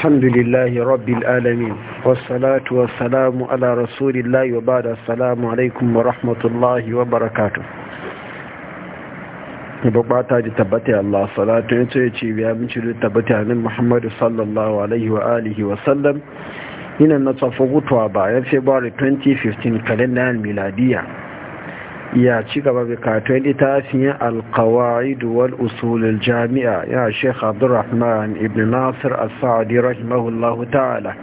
الحمد لله رب العالمين والصلاة والسلام على رسول الله وبعد السلام عليكم ورحمة الله وبركاته bukata ji tabbata Allah salatu ya ce ce biya min ci tabbata Muhammadu sallallahu alaihi wa alihi wa sallam ina na tsafa gutuwa ba ya February 2015 kalendar miladiya ya ci gaba da katon littafin alkawa'id wal usulul jami'a ya sheikh abdurrahman ibn nasir al-sa'adi rahimahullahu ta'ala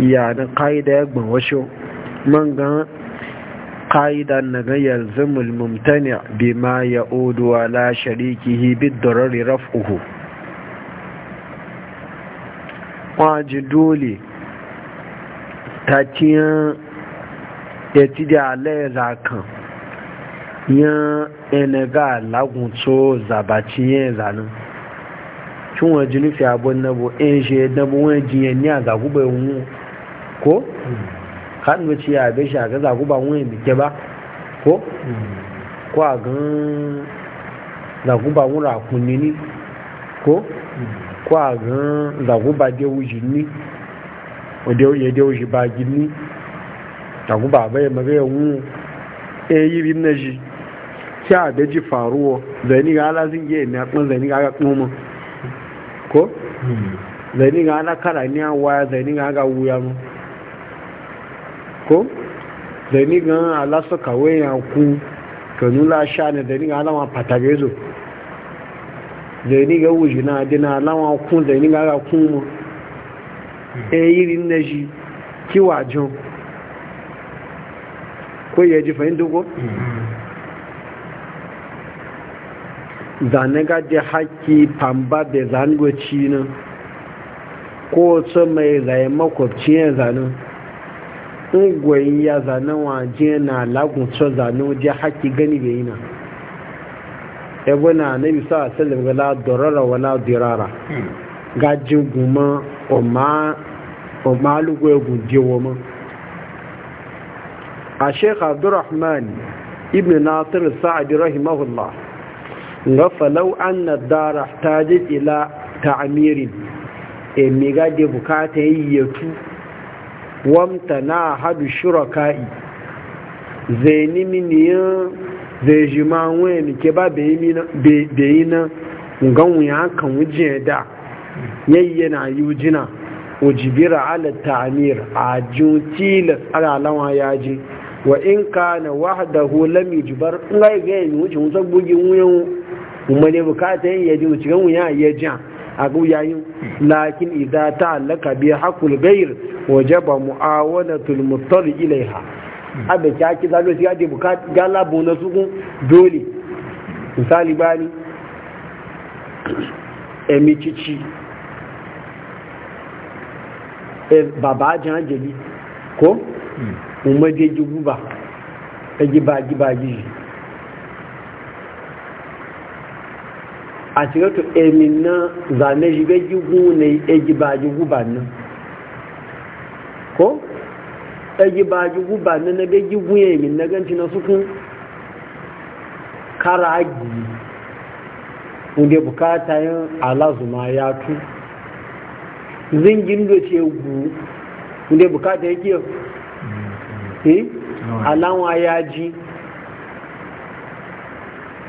ya na ka'ida ya gbawasho man ga ka'ida na ga yalzimul mumtani ma ya odu ala sharikihi bid darari raf'uhu waji dole ta ciyan ya ci da alayar zakan yan enega lagun to zabaci yin zanen tun wọn ji nufi abun nabo in ṣe dabo wọn ji yẹn ní àgàgúbà ìwọ̀n ko kanu ci abe shi a ga zaguba wọn bike ba ko ko a gan zaguba wọn rakunni ni ko ko a gan zaguba de wuji ni ya de wuji ba gini zaguba bai mabe wọn eyi bi na shi ta da ji faruwa zani ga ala zin yi na kun zani ga kuma ko zani ga ala kala ni an waya zani ga ga wuya mu ko zani ga ala so kawe ya ku kanu la sha ne zani ga ala ma patagezo zani ga wuji na na ala ma ku zani ga ga ku e yiri na ji kiwajo ko ya ji fahimta ko zane gaji haƙƙi famba da zangoci nan kowace mai zaye makwabci ya zanen ungwayin ya zanen waje na lagunce zanen waje haƙƙi gani bai e na ebe na na bisa a salim wala dorara wala dirara hmm. ji guma omalugo egun jewo ma a sheikh abdurrahman ibn nasir sa'adi rahimahullah E, ga falau an na dara ta ji ila ta amirin e mega da bukata yi yatu wamta na hadu shuraka'i zai nimi niyan zai ji ma wani ke ba yi na ganwu ya kan wujen da yayyana yujina ujibira ala ta'amir a tilas ala ya yaji wa in kana wahdahu lam yujbar ngai ga yin wuce wuce bugin wuyan umane bukata yin yaji cikin wuya ya jan a guyayin lakin idan idza ta'allaka bi haqqul ghayr wajaba mu'awanatul muttar ilaiha abin ki haki zalo shi gaje bukata gala bona su kun dole misali bani emi cici e baba jan jeli ko hmm. umaje juguba e giba giba giba a shiga to emin na zane shiga gigu ne egi ba gigu e ba nan ko egi ba gigu ba nan na be gigu ya emin na ganci na sukun karagi wunde bukata yin alazuma ya tu zingin da ce gu wunde bukata yake mm. eh mm. alawa ya ji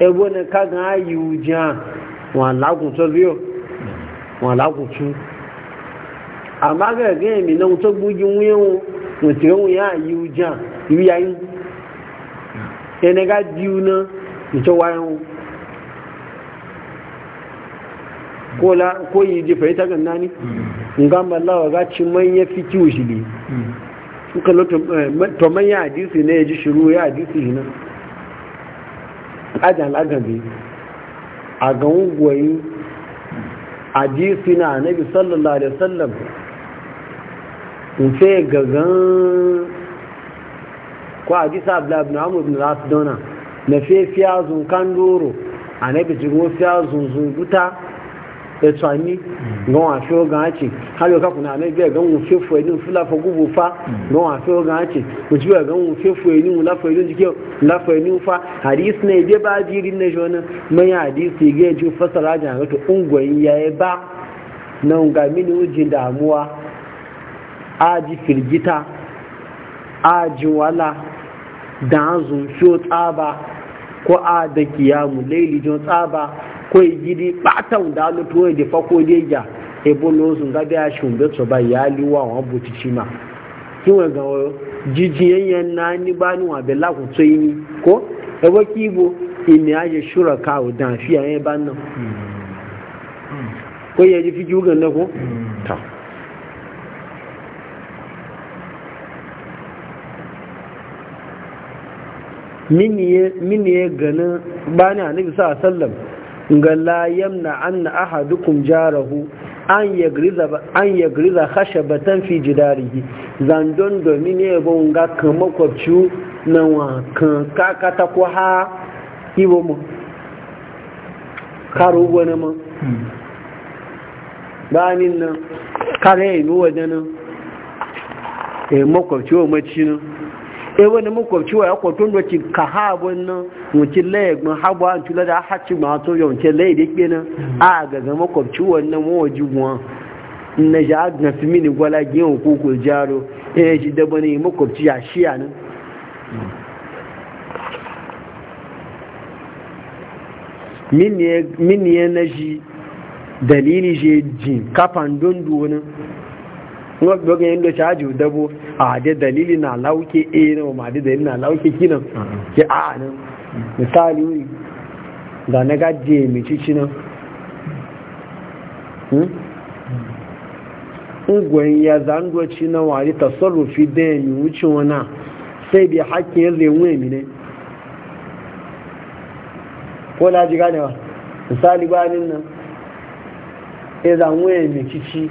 ebo ne kagan ayi ujian wọn lagun tó bí o wọn lagun tú àmá gẹ̀gẹ́ èmì náà tó gbójú wíwọ́n wọn tí wọ́n yá ayi ujian ibi ya yín ẹni ká náà wáyé wọn ko yi jefa ita gan nani mm-hmm. Nga ga mallawa ga ci manya fi kiwo shi mm-hmm. ne suka lo to hadisi eh, ne ya ji shiru ya hadisi shi ajan lagabi a ga ungwayi a jisina annabi sallallahu alaihi wasallam nfe gagan ko a jisa abdullahi amur bin rasu dona na fefiya zunkan doro a doro annabi jigo fiya zunzun zun ẹ̀tọ́ni mm. gan àfi ogan àti hali ọ̀ka kùnà àmì bí gan wọn fẹ́fọ ẹni fún láfọ gúgbù fa gan àfi ogan àti òtí bẹ́ẹ̀ gan wọn fẹ́fọ ẹni wọn ẹni ẹni fa àdìs náà ẹdẹ bá di rí náà ṣọ náà mẹ́yà àdìs ìgé àjà àgọ́tọ̀ ìyá bá náà mí ni ó fìrìgítà wàhálà fí ó tsaba ko a da kiyamu tsaba ko gidi ɓatan da lutu wani da fako deja ebo lozu ga biya shumbe to ba ya liwa wa ci ma. Kin wa ga jijiyen yan na ni ba ni wa be la ko yi ko ebo ki bo ini aje shura ka o dan fi yan ba nan ko ye ji fi ju ga na ko ta min ye min ye ganin bani annabi sallallahu alaihi wasallam ga la yamna aha dukun jarahu an ya yagriza batan fi jidarihi zandon domin ya bon ga kan makwabci na wa kan kakata ko ha ibo mu karo wani hmm. ma bayanin nan kare yi wajen nan makwabci wa e maci ewe ni mu kwamci wa ya kwatun da ka ha wannan mutum laye gbin habu an tula da hacci ma to yau ce laye da ke nan mm-hmm. a ga ga makwabci wannan mawaji guwa na ja na fi mini gwala giyan hukuku jaro eh shi da bane makwabci ya shiya nan min ne na ji dalili je jin kafan don duwanin kuma dogon yin da shaji dabo a da dalili na lauke a e, na ma da dalili na lauke kinan ke a nan misali wuri da na gaje mai cici nan ungwen hmm? ya zangoci na wari tasarrufi da ya yi wuce wana sai bi hakkin yanzu yin wuye mine ko na ji ganewa misali bayanin nan ya e, zangoye mai cici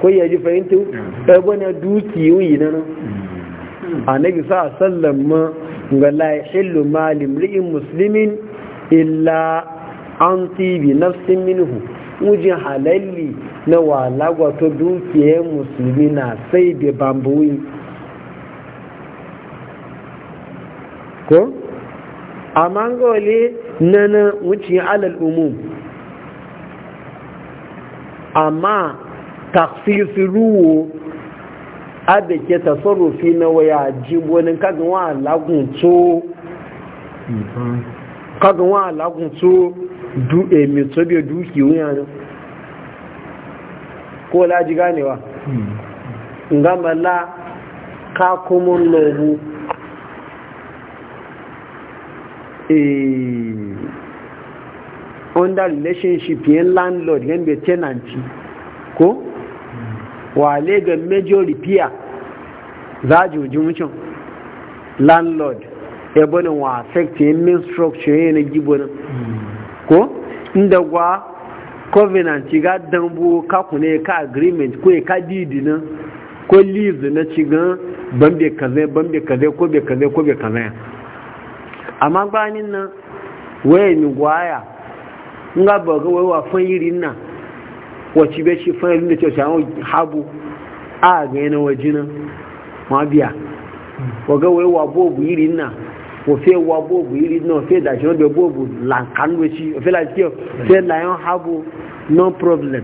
ko ya ji fahimta ɗaya bane dukiyoyi na nan annabi a sallan ma ga la yahillu ri'in musulmin illa an tibi nafsin minhu wujin halalli na walagwa to dukiyar musulmi na sai da bambuwi ko a mangole wale na na wucin alal umum amma taksisi ruwo abe ke tasarrufi na waya jibonin kagin wa lagun to kagin wa lagun to du emi to duki wuya ne ko laji ganewa ngamba la ka kuma lobu e, under relationship yin landlord yan be tenanti ko wale ga major repair za jojin wucin landlord ebonin wa affect yin structure yin na na ko inda gwa covenant ga dambu ka ne ka agreement ko ka didi nan ko lease na ci ga bambe kaze bambe kaze ko be kaze ko be kaze amma gbanin nan waye ni gwaya nga ba ga wa fan yirin nan wacce bai shi fana da cewa shawon habu a ga yana waje nan ma biya waga wai wa bobu yiri na wafe wa bobu yiri na wafe da shi wadda bobu lankan wace wafe la ciyo sai layan habu no problem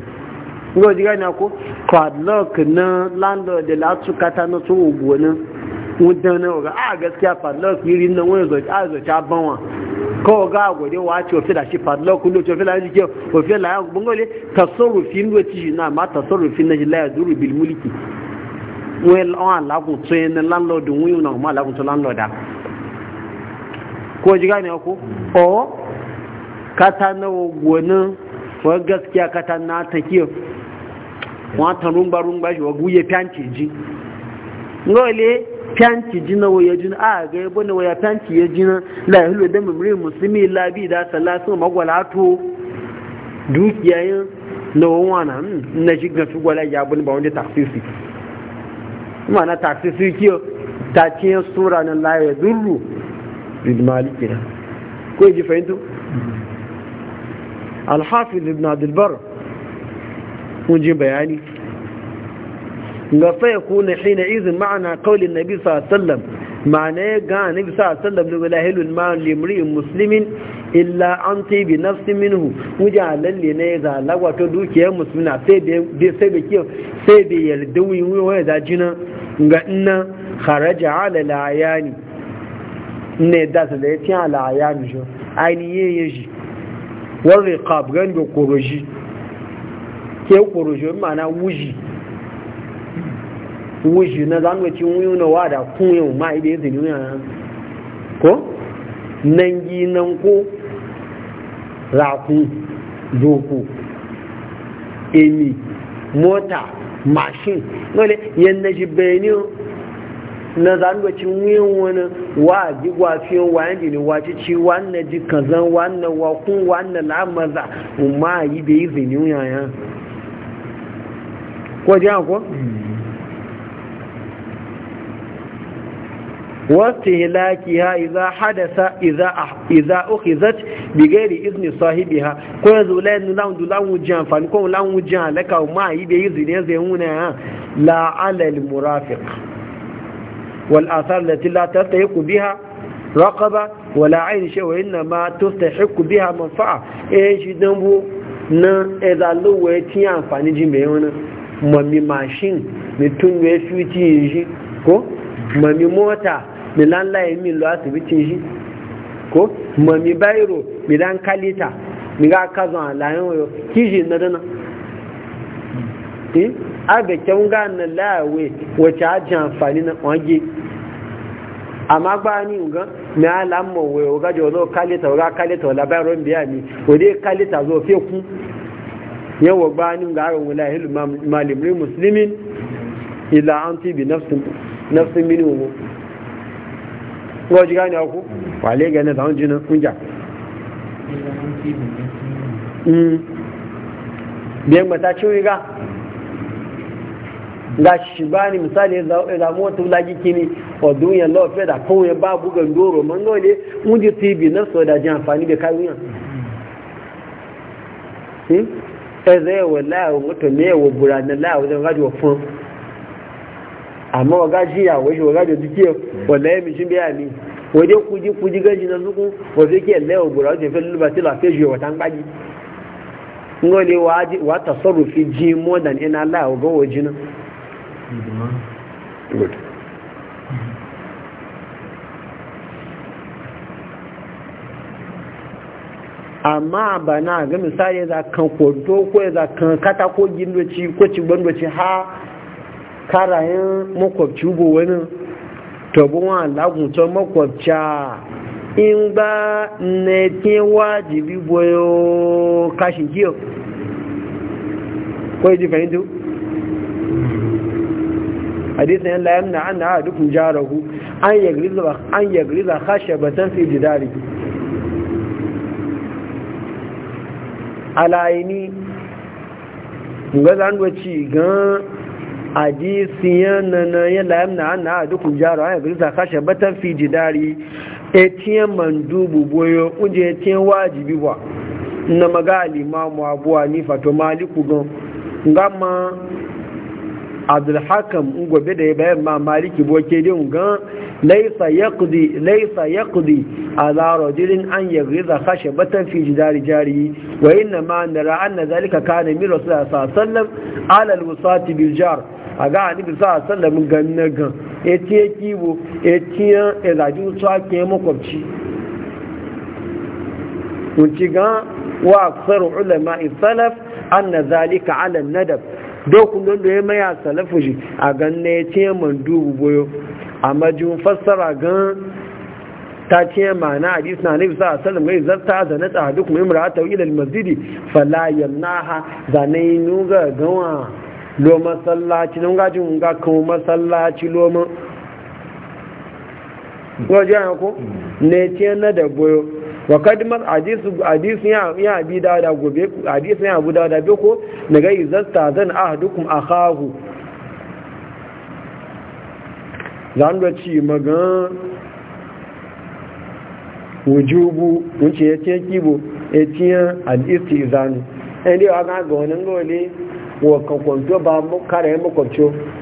ngo diga na ko padlock na landlord de la kata na tsogo nan mun dana ga, a gaskiya padlock yiri na wani zo a zoci a banwa kawo ga gode wa ce ofi da shi fadla kullu ce ofi la jike ofi la ya bangole tasarrufi ndo ci na ma tasarrufi na la ya duru bil mulki wel on la ku tsaye na landlord wi na ma la ku to landlord ko ji gane ko o kata na gonin wa gaskiya kata na take wa ta rumba rumba shi wa guye fianci ji ngole pianti jina waya yajina a ah, ga yabo na waya pianti ya jina la yahu da mimri muslimi la bi da salatu magwalato dukiyayin na wana hmm, na shi ga su gwala ya bun ba wanda taksisi na taksisi kiyo ta cin sura na la ya zurru bid maliki ko ji fahimtu mm-hmm. al-hafiz ibn abd al-bar mun ji bayani ga fai kuna hina izin ma'ana kaulin nabi sallam ma'ana ya gana nabi sallam da wala hilul ma'an limri'in musulmin illa an ta bi nafsi minhu wuja lalle ne za lagwato dukiyar musulmina sai bai sai bai kiyo sai bai yarda wuyi waya da jina ga ina kharaja ala layani ne da su da ya tiya layani shi ainihin yin shi wani riqab gan da koroji ke koroji ma'ana wuji wuji na zan wace wuyu na wada kun yau yi ibe yi zini wuyan ko nan gi nan ko raku doku emi mota mashin wale yan na ji bayani na zan wace wuyan wani wa ji gwafi wa yan jini wace ci wannan ji kazan wannan wakun wannan lamaza ma yi bai zini wuyan ko ji ko mm. wastihlakiha idza hadasa idza idza ukhizat bighairi izni sahibiha ko yanzu lai nuna ndu la wujan fa ko la wujan la ka ma ibe izni ne zai wuna ha la ala al murafiq wal athar lati la tastahiq biha raqaba wala ayn shay wa inna ma tastahiq biha manfa'a e shi dambu na eda lo we ti anfani ji me wona mami machine ni tun we fiti ji ko mami mota milan laye min lo asibiti shi ko mami bayro milan kalita mi ga kazan alayen oyo kiji na dana eh aga kyau ga na lawe wace jan fani na kwange amma gba ni nga na ala mọ we o ga jọ kalita o ga kalita o la bayro mbi ami o de kalita zo fe ku ye wo gba ni nga aro wala hilu malim muslimin ila anti bi nafsin nafsin minhu wọ́n jí gáàni ọkú wà lé gẹ̀ẹ́nẹ̀ tàwọn jìnà ń jà bí ẹgbẹ̀ ta ó rí gá ga ṣìgbá ni misali ìdàmú tó kí kíní ọdún yẹn lọ fẹ́ dà kóhun yẹn bá búgẹ̀ lóòrò mọ́ náà lé ń jí ti náà sọ ìdàjẹ́ àǹfààní bẹ káwíyàn ẹ̀wọ̀ láàrùn mọ́tò ní ẹ̀wọ̀ bùrà ní láàrùn amma waga jiya wai waga da dukiya hmm. wanda ya mishin biya ni waje kuji kuji gaji na zuku waje ke lewa gura wajen fe ba tila fe jiya wata ngbaji ngole waji wa tasarrufi ji more than ina la waga waje na amma ba na ga misali za kan kwanto ko za kan katako gindoci ko ci ha karayen makwabci ubo wani tabuwa lagunta makwabca in ba na ke wajibi boyo kashin Ko yi ji fahimta hadisun yan layan na an na a dukkan jarahu an yagriza kashe batan fi jidari alayini ga zanwaci gan hadisiyan na ya layam na an na dukkan jaro an yabi sa kashe batan fi jidari etiyan mandubu boyo kunje etiyan wajibi ba na magali imamu abu hanifa to maliku gan ngama abdul hakam gobe da ya bayan ma maliki boke din gan laisa yaqdi laisa yaqdi ala rajulin an yi yaghza khashabatan fi jidari jari wa ina ma nara anna zalika kana min rasul sallallahu alaihi wasallam ala alwasati bil a ga anibi sa a gan, ganna gan ya tiye kibo ya e tiye ilaji e wutu ake makwabci wuci gan wa aksaru ulama salaf an na zalika ala nadab dokun don da ya maya salafu shi a gan ganna ya tiye mandubu boyo a majin fassara gan ta ce ma'ana hadis na nabi sa sallam gai zarta zane tsaha duk mai imra'ata ila al-masjidi fala yamnaha zane yuga gawa lo sallaci don gajin ga kawo masallaci loma wajen yanku ne ce na da goyo wa kadimar hadisun ya abi da gobe hadisun ya abu da be ko na ga izasta zan a dukkan a hahu zan da ci magan wujubu wuce ya ce kibo ya ce hadisun izanu ɗan da ya ga wani gole wọ̀kan kwanto ba kare ya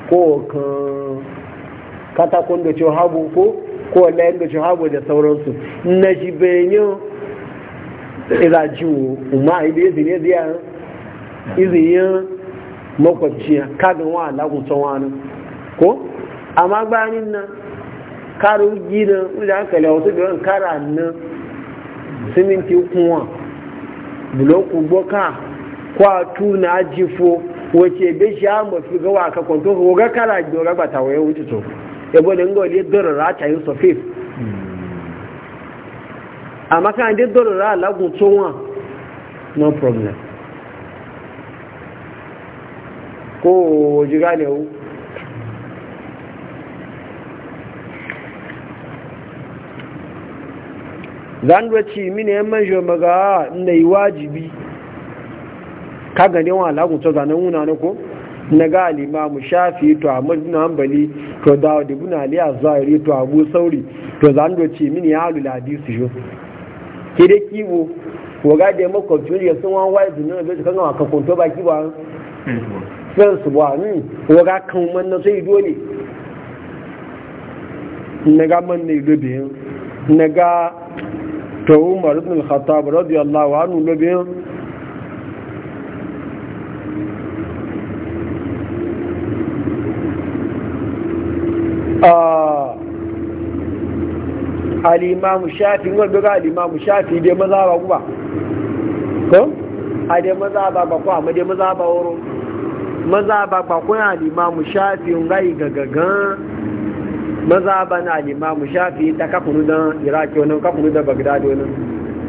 ko kan katakon da ce hagu ko ko layan da ce hagu da sauransu na shi benyo ila jiwo ibe ziya wa ko amma bayanin nan karo gidan inda aka lewa su biyan kara nan siminti kuma buloku boka kwatu na jifo wace be shi a mafi gawa waka kwanto ko ga kala biyo ga bata waye wuce to e bo ne ngoli dorora ta yusuf fif amma kan de dorora la gun to wa no problem ko jiga ne o zan wace mini yan manjo maga na yi wajibi ka ne wa lagun to zanen wuna ne ko na ga alimamu shafi to ahmad bin hanbali to dawud ibn ali az-zahiri to abu sauri to zan do ce mini ya alul hadisi jo ke da kiwo ko ga da mako ya sun wan wai dunan da kan wa ka konto baki ba sun su ba ni hmm, ko ga kan man na sai dole na ga man ne lobe na ga to umar ibn khattab radiyallahu anhu lobe alimamu shafi wanda ga alimamu shafi dai maza ba kuma ko a dai maza ba ba ko amma dai maza ba wuro maza ba ba ko alimamu shafi ga gagagan maza ba na alimamu shafi ta kakunu don iraki wani kafuru don bagdad wannan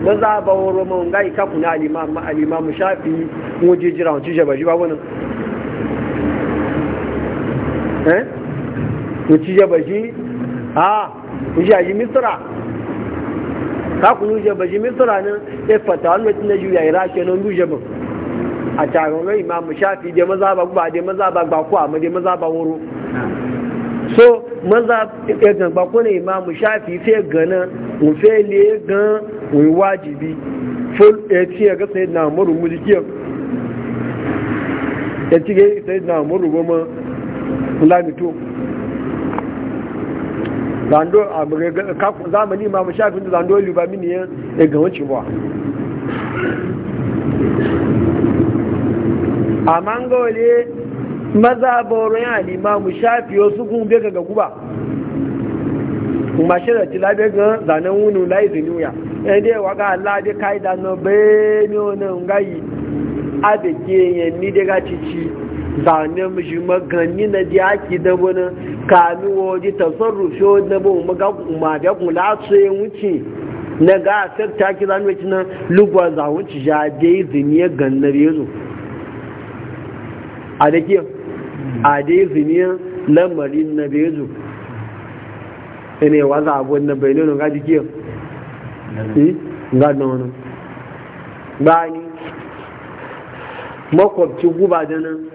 maza ba wuro ma ngai kafuna alimamu alimamu shafi wujijira jijira mu ci jaba jiba eh wuci ya bashi a wuci misira ta ku wuce bashi misira nan ya fata wani mutum na juya ira ke nan wuce ba a taron rai ma mu shafi dai maza ba ba dai maza ba ba kuwa ma dai maza ba wuro so maza ya gan ba ma mu shafi sai gana wufe le gan wai wajibi ful eh, ya ce ga sai na muru mulkiyar ya ci eh, ga sai na muru goma lamito zando a zamani ma mashafin da zando liba mini ya ga wuce ba a mangole maza boron ya lima mushafi wasu kun bega ga guba kuma shirar ci labe ga zanen wunin layi zinuya yan dai waga Allah dai kai da na bai ne wani ngayi a da ke yanni daga cici zane shi magani na ji ake da wani kanuwa ji dabo, da ba umaga da kula su yi wuce na ga a ta ki zanu wuce na lugwa za wuce ja je zini ya gannar yazo a da ke a da zini ya lamarin na bezo ina yi waza abuwan na bayanin ga jikiyar hmm? ga da wani bani makwabci guba da nan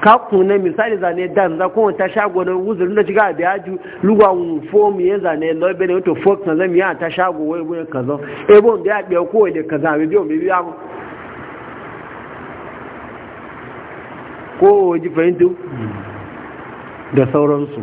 kapu na misali zane dan za kuma ta shago na wuzuri da shiga da yaju lugwa wufo mu ya zane na ne wato fox na zami ya ta shago wai wai kaza ebo eh, da ya biya ko da kaza bi biyo bi biya ko ji fahimtu da sauransu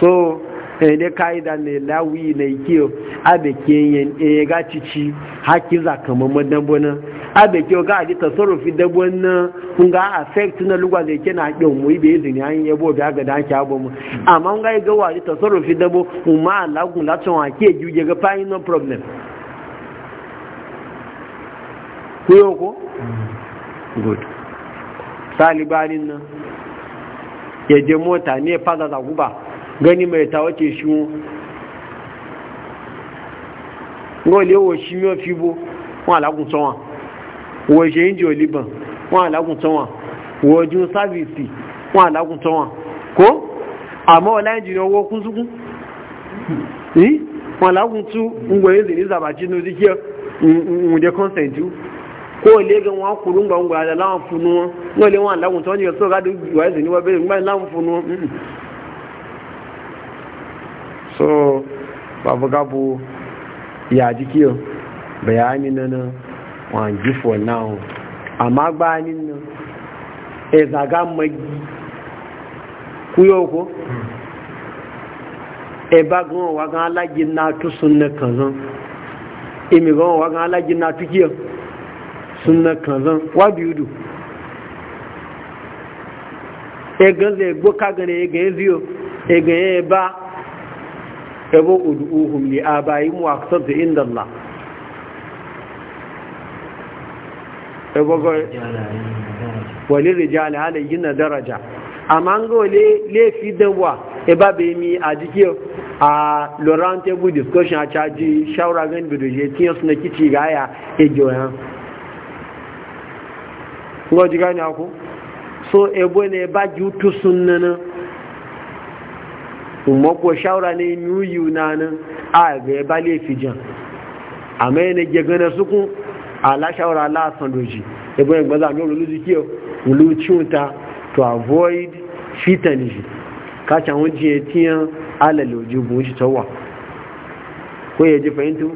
so eh dai da ne lawi ne kiyo abe kiyen eh ga cici hakiza kamar madan bonan abe kyau ga aji tasarrufi dabon na nga affect na lugwa zai ke na haƙin mu ibe izini an yabo biya ga da ake abu mu amma nga ga wa aji tasarrufi dabo umma alagun latin wa ke juje ga fayin no problem kuyo ko good talibanin nan ya je mota ne fada da guba gani mai ta wace shi ngo le wo shi mi o fibo wọn alagun sọ wọn wọ́n ṣe ń jẹ́ olíbọn wọ́n alágùntán wọn wọ́n ju sáfìsì wọ́n alágùntán wọn kó àmọ́ ọláìjìnà owó kún súnkún wọ́n alágùntú ń gbọ́ èzì ní zàbàjì ní oríkẹ́ ǹdẹ́ consent kó lè gan wọn kúrú ń gbà ń gbà funu wọn wọ́n lè wọn alágùntán ní ọ̀sọ́ gádùn ìwà èzì ní wọ́n bẹ̀rẹ̀ ń láwọn funu wọn so babu gabu ya bayani na wọn jí fọ náà àmọ́ gbá nínú ẹ̀zàgá mọ́gí kúyọ́ oko hmm. ẹ̀bá gan wà gan alájí náà tó súnmọ́ kan zan èmì gan wà gan alájí náà tó kíyọ súnmọ́ kan zan wà bí udù ẹ̀gán zẹ̀ gbó ẹ̀gán ẹ̀gán ẹ̀bọ́ òdù mú wani rijali halayi na daraja amma an gole laifi dawa eba bai mi a jike a laurent table discussion a caji shawara gan bido je tiyan suna kici ga ya ejo yan ngo ji gani ako so ebo ne ba ju to sunnana umma ko shawara ne mi yunanan a ga ba laifi jan amma ne je su sukun aláṣàwọ̀rọ̀ aláàsànlòjì ẹgbẹ́ ìgbọ́dá ní olólùsí kí olú tíúta to avoid fitanji káàkiri àwọn jí etí yán alẹ́lòjì bùn ó sì tọ́wà kó yẹ jẹ́ fẹ́yìntú